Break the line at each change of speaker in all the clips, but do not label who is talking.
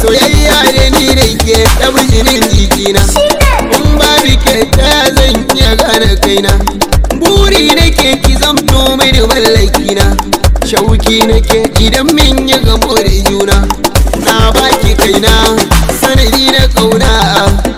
soyayya da ni da ke ta bijirin jikina in babu ke ta zan iya gane kaina buri nake ki zamto mai da mallakina shauki nake idan min ya gamo da juna na baki kaina sanadi na kauna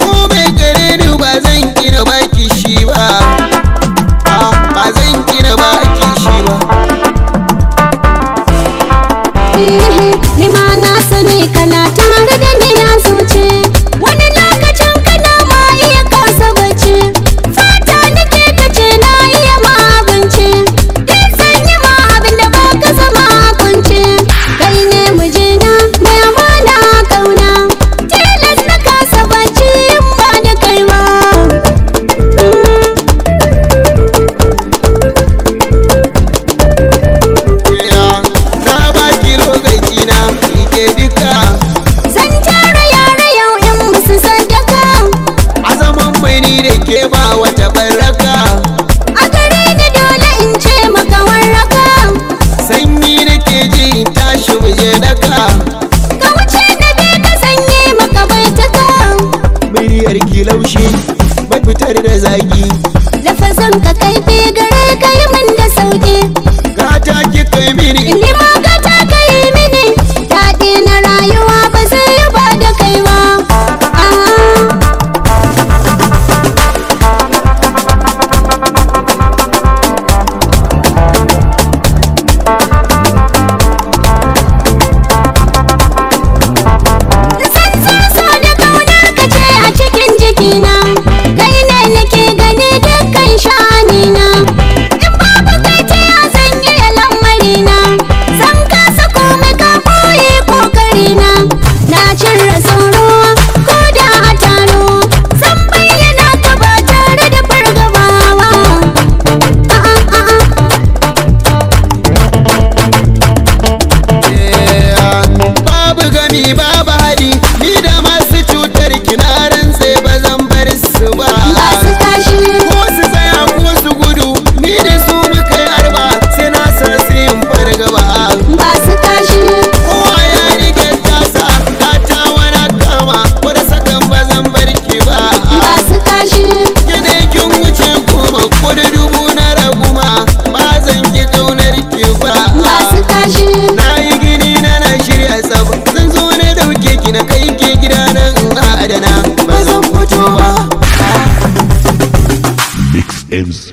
da ke ba wata baraka
a gare ni dole in ce maka warraka sanyi da ke ji tashi muje daka ka wuce da je ka sanye maka
bai taka muryar ki laushi bai fitar da zagi lafazan ka kai
M's.